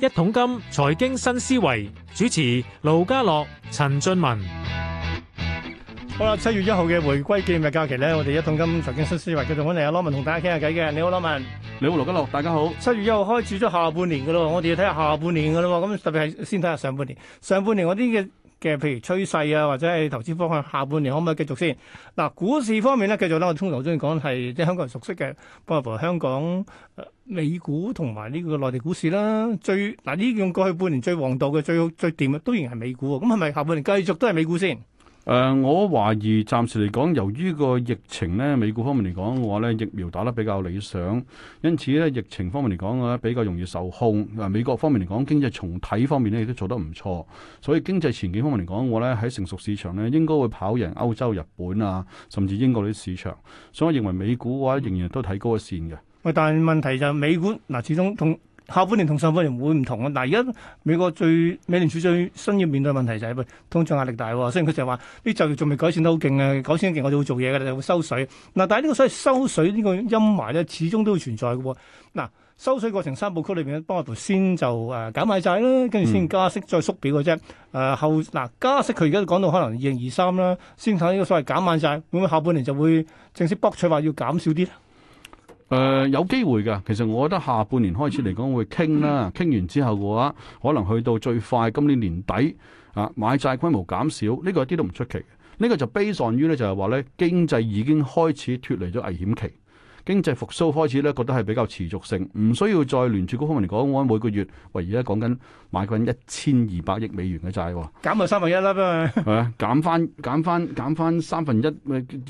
一桶金財經新思維，主持盧家樂、陳俊文。好啦，七月一號嘅回歸紀念日假期咧，我哋一桶金財經新思維繼續揾嚟阿羅文同大家傾下偈嘅。你好，羅文。你好，盧家樂，大家好。七月一號開始咗下半年噶啦，我哋要睇下下半年噶啦，咁特別係先睇下上半年。上半年嗰啲嘅嘅，譬如趨勢啊，或者係投資方向，下半年可唔可以繼續先？嗱、啊，股市方面咧，繼續啦。我通常中意講係啲香港人熟悉嘅，包括香港。呃美股同埋呢個內地股市啦，最嗱呢樣過去半年最旺道嘅最最掂嘅，當然係美股。咁係咪下半年繼續都係美股先？誒、呃，我懷疑暫時嚟講，由於個疫情咧，美股方面嚟講嘅話咧，疫苗打得比較理想，因此咧疫情方面嚟講咧比較容易受控。嗱，美國方面嚟講，經濟從體方面咧亦都做得唔錯，所以經濟前景方面嚟講嘅話咧喺成熟市場咧應該會跑贏歐洲、日本啊，甚至英國啲市場。所以我認為美股嘅、啊、話仍然都睇高一線嘅。喂，但係問題就係美股嗱，始終同下半年同上半年會唔同嘅。嗱，而家美國最美聯儲最新要面對嘅問題就係通脹壓力大，雖然佢就係話啲就業仲未改善得好勁啊，改善得勁我就會做嘢嘅啦，就會收水。嗱，但係呢個所謂收水呢、呢個陰霾咧，始終都會存在嘅喎。嗱，收水過程三部曲裏邊，包括先就誒減買債啦，跟住先加息再縮表嘅啫。誒、呃、後嗱加息佢而家講到可能二零二三啦，先睇呢個所謂減買債，咁樣下半年就會正式博取話要減少啲。誒、呃、有機會㗎，其實我覺得下半年開始嚟講會傾啦，傾完之後嘅話，可能去到最快今年年底啊，買債規模減少，呢、這個一啲都唔出奇，呢、這個就悲壯於咧就係話咧經濟已經開始脫離咗危險期。經濟復甦開始咧，覺得係比較持續性，唔需要再聯儲局方面嚟講。我話每個月，喂，而家講緊買緊一千二百億美元嘅債，減咪三分一啦， 噉啊，減翻減翻減翻三分一，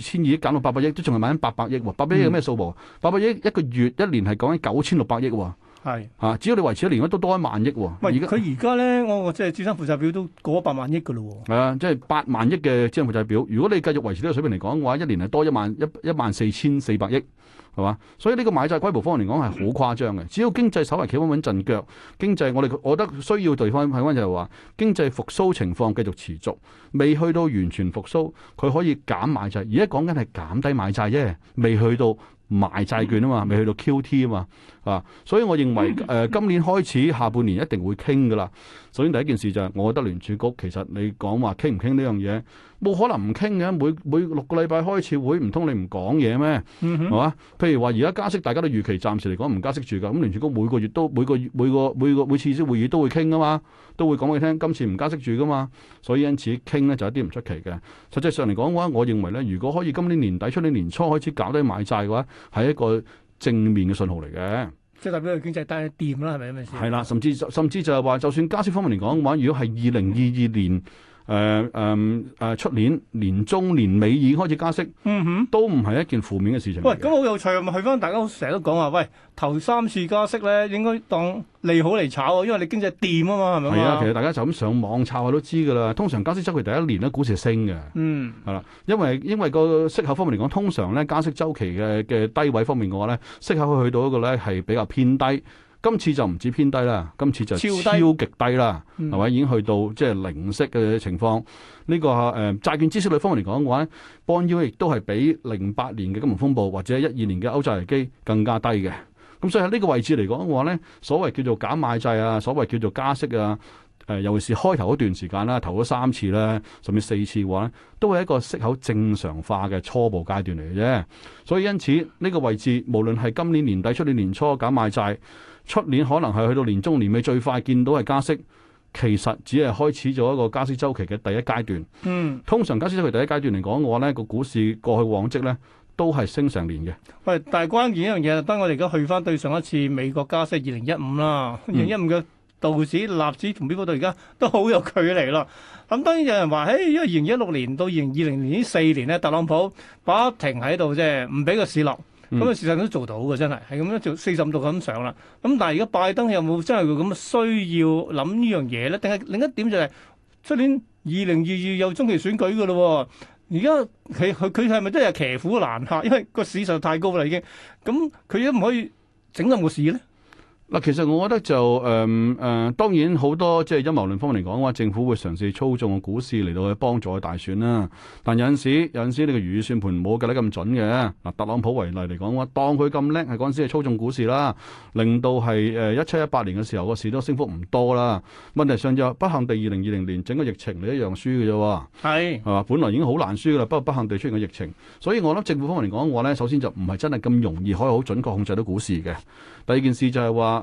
千二億減到八百億，都仲係買緊八百億喎。八百億有咩數目？八百億，嗯，一個月一年係講緊九千六百億喎。係，啊是，只要你維持一年，都多一萬億，哦。唔係在，佢而家咧，我我即係資產負債表都過八萬億噶咯，哦。係啊，即係八萬億嘅資產負債表。如果你繼續維持呢個水平嚟講嘅話，一年係多一萬一、一萬四千四百億，係嘛？所以呢個買債規模方面嚟講係好誇張嘅。只要經濟稍微企穩穩陣腳，經濟我哋我覺得需要對方睇翻就係話經濟復甦情況繼續持續，未去到完全復甦，佢可以減買債。而家講緊係減低買債啫，未去到賣債券啊嘛，未去到 QT 啊嘛。啊，所以我認為誒、呃，今年開始下半年一定會傾噶啦。首先第一件事就係、是，我覺得聯儲局其實你講話傾唔傾呢樣嘢，冇可能唔傾嘅。每每六個禮拜開次會，唔通你唔講嘢咩？係嘛、嗯哼？譬如話而家加息，大家都預期暫時嚟講唔加息住噶。咁聯儲局每個月都每個月每個每個每次次會議都會傾噶嘛，都會講俾你聽。今次唔加息住噶嘛，所以因此傾咧就一啲唔出奇嘅。實際上嚟講嘅話，我認為咧，如果可以今年年底出年年初開始搞低買債嘅話，係一個。正面嘅信號嚟嘅 ，即係代表個經濟帶得掂啦，係咪咁嘅意思？係啦，甚至甚至就係話，就算加息方面嚟講嘅話，如果係二零二二年。誒誒誒，出，呃呃，年年中年尾已經開始加息，嗯哼，都唔係一件負面嘅事情。喂，咁好有趣啊！去翻，大家成日都講話，喂，頭三次加息咧，應該當利好嚟炒，因為你經濟掂啊嘛，係咪啊？係啊，其實大家就咁上網炒下都知噶啦。通常加息週期第一年咧，股市升嘅，嗯，係啦，因為因為個息口方面嚟講，通常咧加息週期嘅嘅低位方面嘅話咧，息口會去到一個咧係比較偏低。今次就唔止偏低啦，今次就超極低啦，係咪超低？已經去到即係零息嘅情況。呢、嗯這個誒、呃、債券孳息率方面嚟講嘅話 Bond Yield 亦都係比零八年嘅金融風暴或者一二年嘅歐債危機更加低嘅。咁所以喺呢個位置嚟講嘅話咧，所謂叫做減買債啊，所謂叫做加息啊，誒、呃、尤其是開頭嗰段時間啦，投咗三次啦，甚至四次嘅話咧，都係一個息口正常化嘅初步階段嚟嘅啫。所以因此呢個位置，無論係今年年底出年年初減買債。出年可能係去到年中年尾最快見到係加息，其實只係開始咗一個加息周期嘅第一階段。嗯，通常加息周期第一階段嚟講嘅話呢個股市過去往績呢都係升成年嘅。喂，但係關鍵一樣嘢，等我哋而家去翻對上一次美國加息二零一五啦，二零一五嘅道指、納指同標普到而家都好有距離啦。咁當然有人話，誒，因為二零一六年到二零二零年呢四年呢，特朗普不停喺度即係唔俾個市落。咁啊，嗯、事實都做到嘅，真係係咁樣做，四十五度咁上啦。咁但係而家拜登有冇真係咁嘅需要諗呢樣嘢咧？定係另一點就係出年二零二二又中期選舉嘅咯、哦。而家佢佢佢係咪真係騎虎難下？因為個市實太高啦已經。咁佢都唔可以整任何市咧。嗱，其實我覺得就誒誒、嗯呃，當然好多即係陰謀論方面嚟講嘅話，政府會嘗試操縱個股市嚟到去幫助佢大選啦、啊。但有陣時，有陣時你個預算盤冇計得咁準嘅。嗱，特朗普為例嚟講嘅話，當佢咁叻，係嗰陣時係操縱股市啦，令到係誒一七一八年嘅時候個市都升幅唔多啦。問題上就不幸地二零二零年整個疫情你一樣輸嘅啫。係係嘛，本來已經好難輸嘅啦，不過不幸地出現個疫情，所以我諗政府方面嚟講嘅話咧，首先就唔係真係咁容易可以好準確控制到股市嘅。第二件事就係話。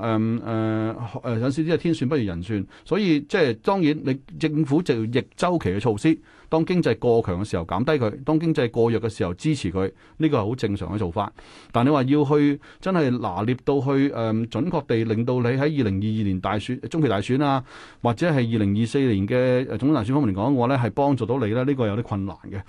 誒誒誒，有少少係天算不如人算，所以即係當然你政府就要逆周期嘅措施，當經濟過強嘅時候減低佢，當經濟過弱嘅時候支持佢，呢個係好正常嘅做法。但你話要去真係拿捏到去誒、嗯，準確地令到你喺二零二二年大選、中期大選啊，或者係二零二四年嘅總統大選方面嚟講嘅話咧，係幫助到你咧，呢個有啲困難嘅。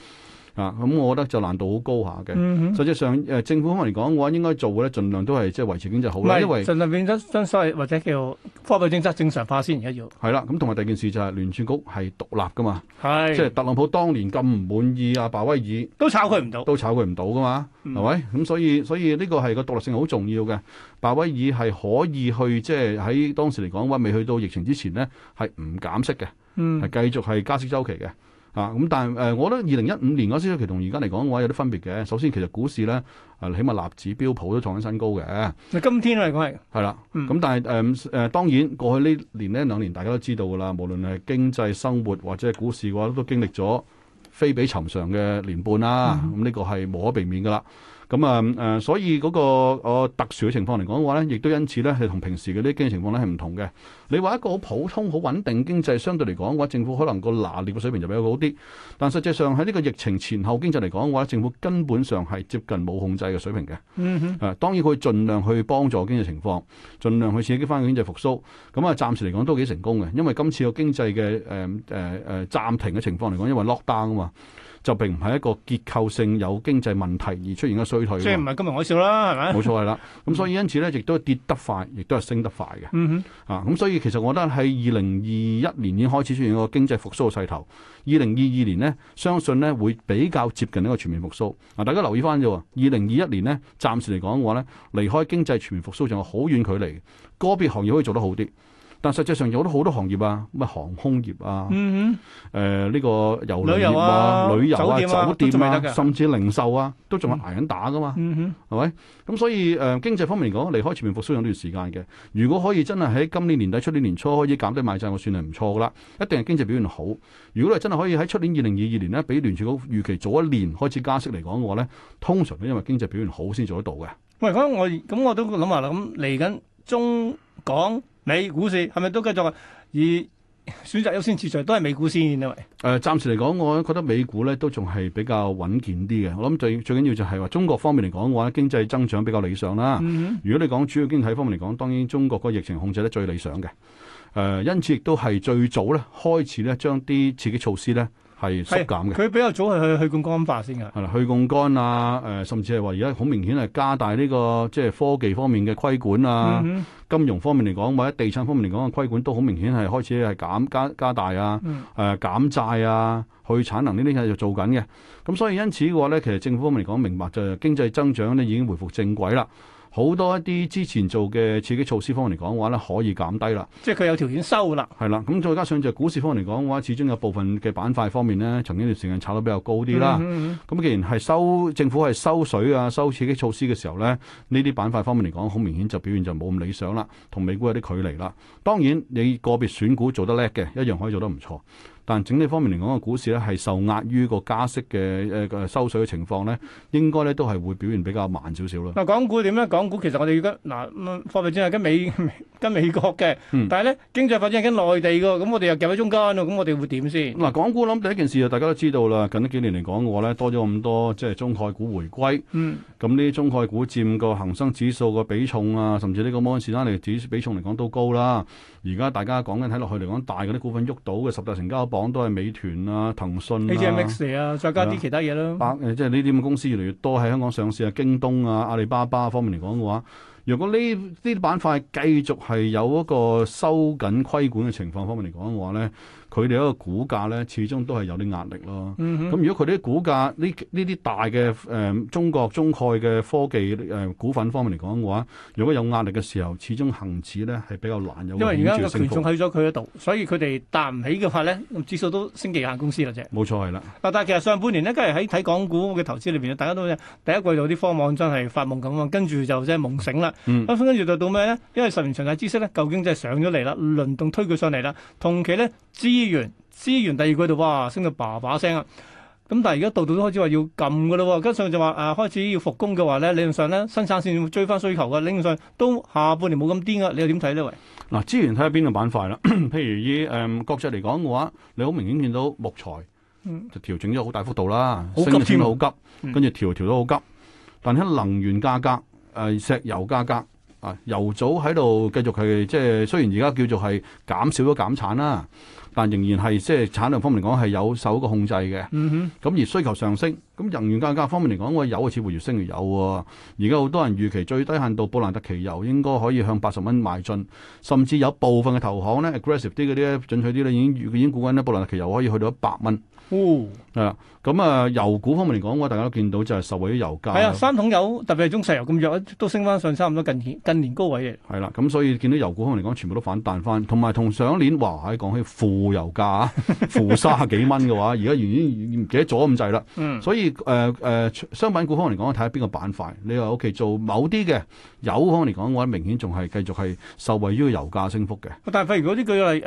啊，咁、嗯、我覺得就難度好高下嘅。嗯、哼實際上，誒、呃、政府方面嚟講嘅話，應該做嘅咧，儘量都係即係維持經濟好啦。唔係是，儘為量變咗增稅或者叫貨幣政策正常化先而家要。係啦，咁同埋第二件事就係、是、聯儲局係獨立噶嘛。係是。即係特朗普當年咁唔滿意阿鮑威爾，都炒佢唔到。都炒佢唔到噶嘛，係咪、嗯哼？咁所以所以呢個係個獨立性好重要嘅。鮑威爾係可以去即係喺當時嚟講嘅話，未去到疫情之前咧，係唔減息嘅，係、嗯、繼續係加息周期嘅。啊，咁但係誒、呃，我覺得二零一五年嗰個時期同而家嚟講嘅話，有啲分別嘅。首先，其實股市咧，誒、啊、起碼納指、標普都創緊新高嘅。係今天嚟講係。係啦的，咁、嗯、但係誒誒，當然過去呢年呢兩年，大家都知道㗎啦。無論係經濟生活或者係股市嘅話，都經歷咗非比尋常嘅年半啦。咁呢、嗯嗯這個係無可避免㗎啦。咁啊誒，所以嗰、那個、呃、特殊嘅情況嚟講嘅話咧，亦都因此咧係同平時嘅啲經濟情況咧係唔同嘅。你話一個好普通、好穩定經濟，相對嚟講嘅話，政府可能個拿捏嘅水平就比較高啲。但實際上喺呢個疫情前後經濟嚟講嘅話，政府根本上係接近冇控制嘅水平嘅。嗯哼，誒、啊、當然佢盡量去幫助經濟情況，盡量去刺激翻個經濟復甦。咁、嗯、啊，暫時嚟講都幾成功嘅，因為今次個經濟嘅誒誒誒暫停嘅情況嚟講，因為 lockdown 啊嘛，就並唔係一個結構性有經濟問題而出現嘅衰退。即係唔係今日我笑啦，係咪？冇錯啦。咁、嗯、所以因此咧，亦都跌得快，亦都係升得快嘅、啊。嗯咁所以。嗯嗯嗯嗯嗯其實我覺得喺二零二一年已經開始出現一個經濟復蘇嘅勢頭，二零二二年呢，相信呢會比較接近一個全面復蘇。啊，大家留意翻啫，二零二一年呢，暫時嚟講嘅話呢，離開經濟全面復蘇仲有好遠距離，個別行業可以做得好啲。但實際上有好多好多行業啊，咩航空業啊，誒呢、嗯哼呃這個遊旅、啊、旅遊啊、旅遊啊、酒店咪、啊、甚至零售啊，都仲係捱緊打噶嘛，係咪、嗯哼？咁、嗯、所以誒、呃、經濟方面嚟講，離開全面復甦有段時間嘅。如果可以真係喺今年年底、出年年初開始減低賣債，我算係唔錯噶啦。一定係經濟表現好。如果係真係可以喺出年二零二二年咧，比聯儲局預期早一年開始加息嚟講嘅話咧，通常都因為經濟表現好先做得到嘅。喂，咁我咁我都諗下啦，咁嚟緊中港。美股市係咪都繼續以選擇優先次序，都係美股先啊？誒、呃，暫時嚟講，我覺得美股咧都仲係比較穩健啲嘅。我諗最最緊要就係話，中國方面嚟講嘅話，經濟增長比較理想啦。嗯、哼如果你講主要經濟方面嚟講，當然中國個疫情控制得最理想嘅。誒、呃，因此亦都係最早咧開始咧將啲刺激措施咧。係縮減嘅，佢比較早係去去槓桿化先嘅。係啦，去槓桿啊，誒、呃，甚至係話而家好明顯係加大呢、這個即係科技方面嘅規管啊，嗯、哼金融方面嚟講，或者地產方面嚟講嘅規管都好明顯係開始係減加加大啊，誒、呃、減債啊，去產能呢啲嘢就做緊嘅。咁所以因此嘅話咧，其實政府方面嚟講，明白就係經濟增長咧已經回復正軌啦。好多一啲之前做嘅刺激措施方面嚟講嘅話咧，可以減低啦。即係佢有條件收啦。係啦，咁再加上就股市方面嚟講嘅話，始終有部分嘅板塊方面咧，曾經段時間炒得比較高啲啦。咁、嗯嗯嗯、既然係收政府係收水啊，收刺激措施嘅時候咧，呢啲板塊方面嚟講，好明顯就表現就冇咁理想啦，同美股有啲距離啦。當然，你個別選股做得叻嘅，一樣可以做得唔錯。但整體方面嚟講，個股市咧係受壓於個加息嘅誒、呃、收水嘅情況咧，應該咧都係會表現比較慢少少啦。嗱，港股點咧？港股其實我哋而家，嗱貨幣戰係跟美跟美國嘅，嗯、但係咧經濟發展係跟內地噶，咁我哋又夾喺中間啊，咁我哋會點先？嗱，港股諗第一件事就大家都知道啦，近呢幾年嚟講嘅話咧，多咗咁多即係中概股回歸，嗯，咁呢啲中概股佔個恒生指數個比重啊，甚至呢個摩士啦嚟指比重嚟講都高啦。而家大家講緊睇落去嚟講，大嗰啲股份喐到嘅十大成交榜都係美團啊、騰訊啊、啊，再加啲其他嘢咯。百，即係呢啲咁嘅公司越嚟越多喺香港上市啊。京東啊、阿里巴巴方面嚟講嘅話，如果呢啲板塊繼續係有一個收緊規管嘅情況方面嚟講嘅話咧。佢哋一個股價咧，始終都係有啲壓力咯。咁、嗯、哼如果佢哋啲股價呢呢啲大嘅誒、呃、中國中概嘅科技誒、呃、股份方面嚟講嘅話，如果有壓力嘅時候，始終行市咧係比較難有。因為而家個權重去咗佢嗰度，所以佢哋彈唔起嘅話咧，指數都升極有限公司啦啫。冇錯係啦。嗱，但係其實上半年呢，梗係喺睇港股嘅投資裏邊，大家都第一季度啲科網真係發夢咁啊，跟住就即係夢醒啦。咁跟住就到咩呢？因為十年長嘅知識呢，究竟真係上咗嚟啦，輪動推佢上嚟啦，同期呢。資資源資源第二季度哇升到叭叭聲啊！咁但係而家度度都開始話要撳噶啦，加上就話誒、呃、開始要復工嘅話咧，理論上咧新生產線追翻需求嘅，理論上都下半年冇咁癲噶，你又點睇呢？喂，嗱資源睇下邊個板塊啦，譬 如以誒、呃、國際嚟講嘅話，你好明顯見到木材、嗯、就調整咗好大幅度啦，升得好急，跟住調調都好急，但喺能源價格誒、呃、石油價格。啊，油組喺度繼續係即係，雖然而家叫做係減少咗減產啦、啊，但仍然係即係產量方面嚟講係有受個控制嘅。咁、嗯、哼而需求上升，咁能源價格方面嚟講，我有好似乎越升越有、啊。而家好多人預期最低限度布蘭特期油應該可以向八十蚊邁進，甚至有部分嘅投行咧，aggressive 啲嗰啲咧，進取啲咧，已經預已經估緊咧，布蘭特期油可以去到一百蚊。哦，啦，咁、嗯、啊，油股方面嚟講，我哋大家都見到就係受惠於油價。係啊的，三桶油特別係中石油咁弱，都升翻上差唔多近年近年高位嘅。係啦，咁、嗯、所以見到油股方面嚟講，全部都反彈翻，同埋同上一年話喺講起負油價，負卅幾蚊嘅話，而家已經唔記得咗咁滯啦。了了嗯、所以誒誒，商、呃、品、呃、股方面嚟講，睇下邊個板塊，你話 OK 做某啲嘅油方面嚟講，我覺得明顯仲係繼續係受惠於個油價升幅嘅。但係譬如嗰啲佢係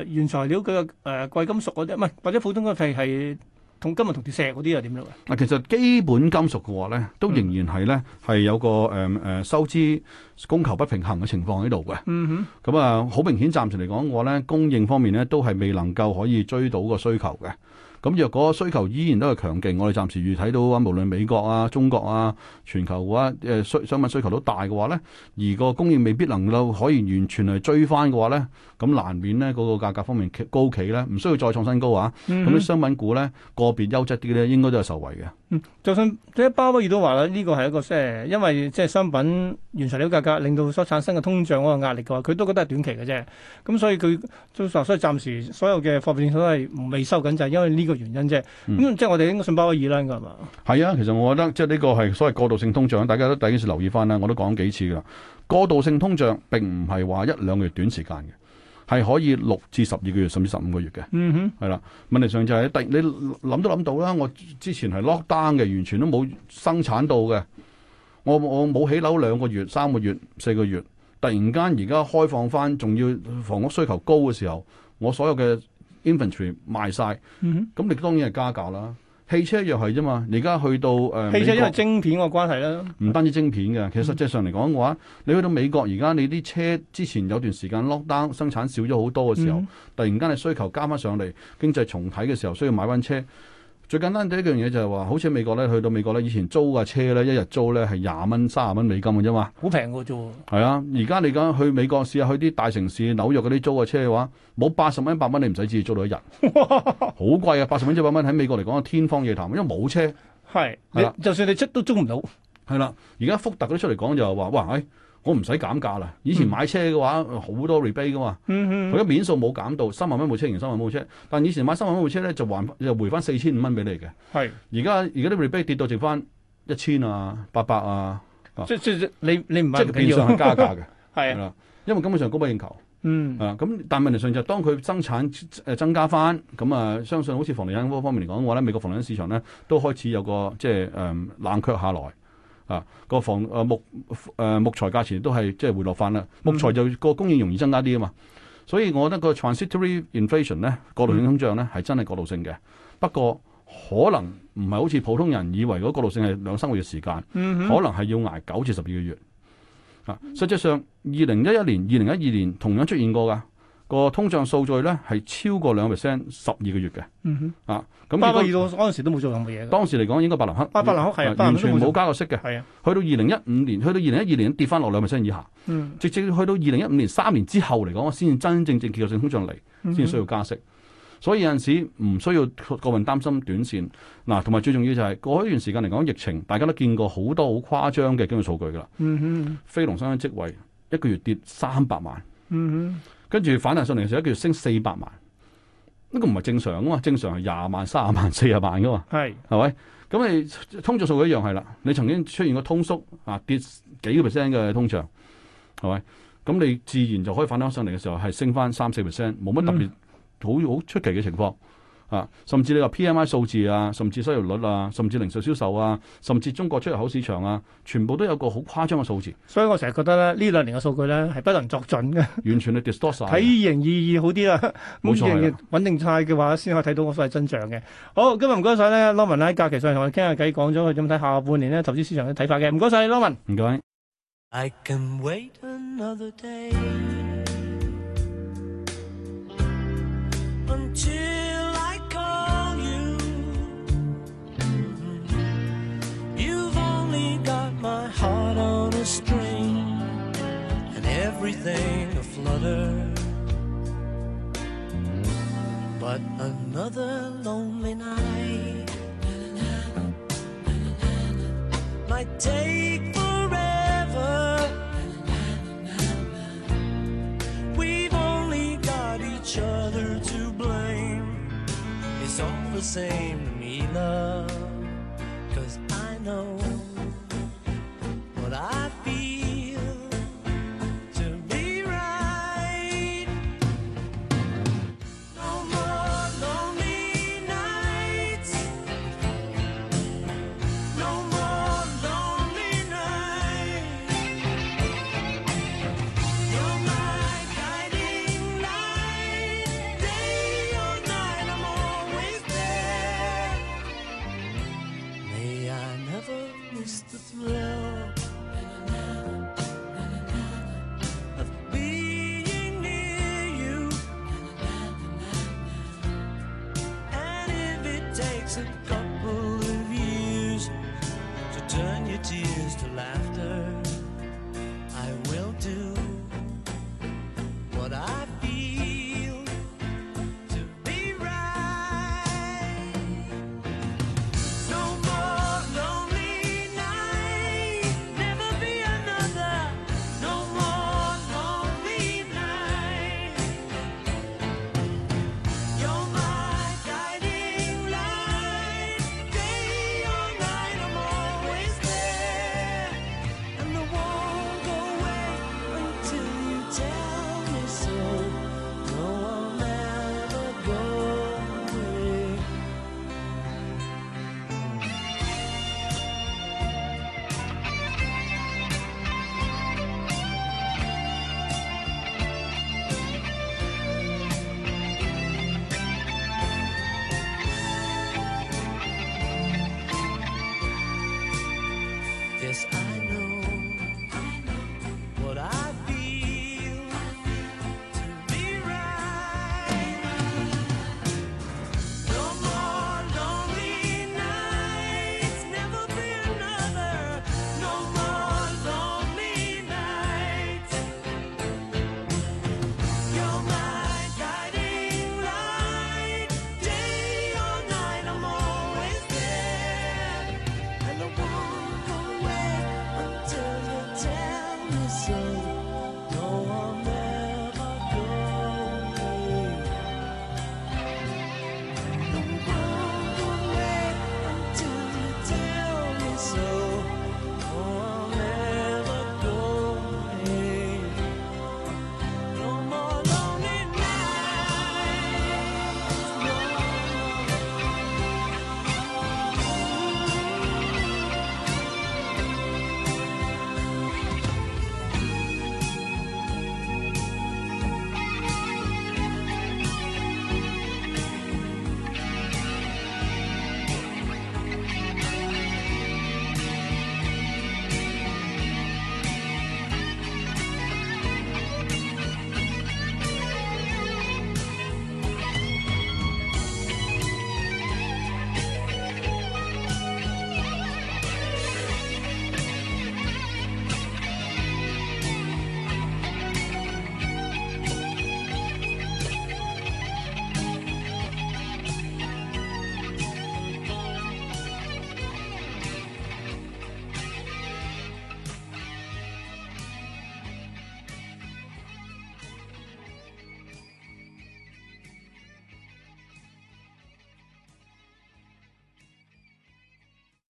誒原材料佢嘅誒貴金屬嗰啲，唔係或者普通嘅係同今日同啲石嗰啲又點樣？嗱，其實基本金屬嘅話咧，都仍然係咧係有個誒誒、嗯呃、收支供求不平衡嘅情況喺度嘅。嗯哼，咁啊，好明顯，暫時嚟講嘅話咧，供應方面咧都係未能夠可以追到個需求嘅。咁若果需求依然都係強勁，我哋暫時預睇到啊，無論美國啊、中國啊、全球嘅話啊，誒需商品需求都大嘅話咧，而個供應未必能夠可以完全係追翻嘅話咧，咁難免咧嗰個價格方面高企咧，唔需要再創新高啊！咁啲商品股咧，個別優質啲咧，應該都係受惠嘅。嗯。就算即係鮑威爾都話啦，呢個係一個即係因為即係商品原材料價格令到所產生嘅通脹嗰個壓力嘅話，佢都覺得係短期嘅啫。咁所以佢所以暫時所有嘅貨幣政策都係未收緊，就係因為呢，這個。個原因啫，咁、嗯嗯、即係我哋應該信鮑威爾啦，係嘛？係啊，其實我覺得即係呢個係所謂過渡性通脹，大家都第一次留意翻啦。我都講幾次噶啦，過渡性通脹並唔係話一兩個月短時間嘅，係可以六至十二個月甚至十五個月嘅。嗯哼，係啦、啊。問題上就係、是、第你諗都諗到啦，我之前係 lock down 嘅，完全都冇生產到嘅。我我冇起樓兩個月、三個月、四個月，突然間而家開放翻，仲要房屋需求高嘅時候，我所有嘅。inventory 賣晒，咁你、mm hmm. 當然係加價啦。汽車又係啫嘛，而家去到誒，呃、汽車因為晶片個關係啦，唔單止晶片嘅，其實實際上嚟講嘅話，mm hmm. 你去到美國而家你啲車之前有段時間 lock down 生產少咗好多嘅時候，mm hmm. 突然間你需求加翻上嚟，經濟重啟嘅時候需要買翻車。最簡單第一樣嘢就係話，好似美國咧，去到美國咧，以前租架車咧，一日租咧係廿蚊、三十蚊美金嘅啫嘛，好平嘅啫。係啊，而家、啊、你講去美國試下去啲大城市紐約嗰啲租架車嘅話，冇八十蚊、百蚊你唔使知租到一日，好 貴啊！八十蚊、一百蚊喺美國嚟講天方夜譚，因為冇車，係是、啊、你就算你出都租唔到。係啦、啊，而家福特嗰啲出嚟講就係話，哇！哎我唔使減價啦！以前買車嘅話，好、嗯、多 rebate 噶嘛，佢嘅、嗯、哼面數冇減到三萬蚊部車型，三萬蚊部車。但以前買三萬蚊部車咧，就還又回翻四千五蚊俾你嘅。係是，而家而家啲 rebate 跌到剩翻一千啊、八百啊。即即即你你唔係變相加價嘅係啦，因為根本上供不應求。嗯啊咁，但係問題上就是、當佢生產誒增加翻，咁啊相信好似房地產方面嚟講嘅話咧，美國房地產市場咧都開始有個即係誒、嗯、冷卻下，下來。啊，個房誒、啊、木誒、啊、木材價錢都係即係回落翻啦。嗯、哼木材就個供應容易增加啲啊嘛，所以我覺得個 transitory inflation 咧，過渡性通脹咧係、嗯、哼真係過渡性嘅。不過可能唔係好似普通人以為嗰過渡性係兩三個月時間，嗯、哼可能係要捱九至十二個月。啊，實際上二零一一年、二零一二年同樣出現過㗎。個通脹數據咧係超過兩 percent 十二個月嘅，嗯哼，啊，咁呢個陣時都冇做任何嘢。當時嚟講應該白蘭克，白蘭克係，克是完全冇加過息嘅，係啊的。去到二零一五年，去到二零一二年跌翻落兩 percent 以下，嗯、直至去到二零一五年三年之後嚟講，我先真正正結構性通脹嚟，先需要加息。嗯、哼所以有陣時唔需要過分擔心短線嗱，同、啊、埋最重要就係嗰一段時間嚟講，疫情大家都見過好多好誇張嘅經濟數據噶啦，嗯哼，非農新增職位一個月跌三百萬，嗯哼。跟住反彈上嚟嘅時候，叫做升四百萬，呢個唔係正常啊嘛！正常係廿萬、三十萬、四十萬噶嘛，係係咪？咁你通脹數據一樣係啦。你曾經出現過通縮啊跌幾個 percent 嘅通脹，係咪？咁你自然就可以反彈上嚟嘅時候係升翻三四 percent，冇乜特別好好出奇嘅情況。啊，甚至你話 PMI 數字啊，甚至收益率啊，甚至零售銷售啊，甚至中國出入口市場啊，全部都有個好誇張嘅數字。所以我成日覺得咧，呢兩年嘅數據咧係不能作準嘅。完全係 distortion。睇形意義好啲啦，冇錯，穩定態嘅話，先可以睇到我所謂真相嘅。好，今日唔該晒咧，Lawrence 喺假期上嚟同我傾下偈，講咗佢點睇下半年咧投資市場嘅睇法嘅。唔該晒，Lawrence。唔該。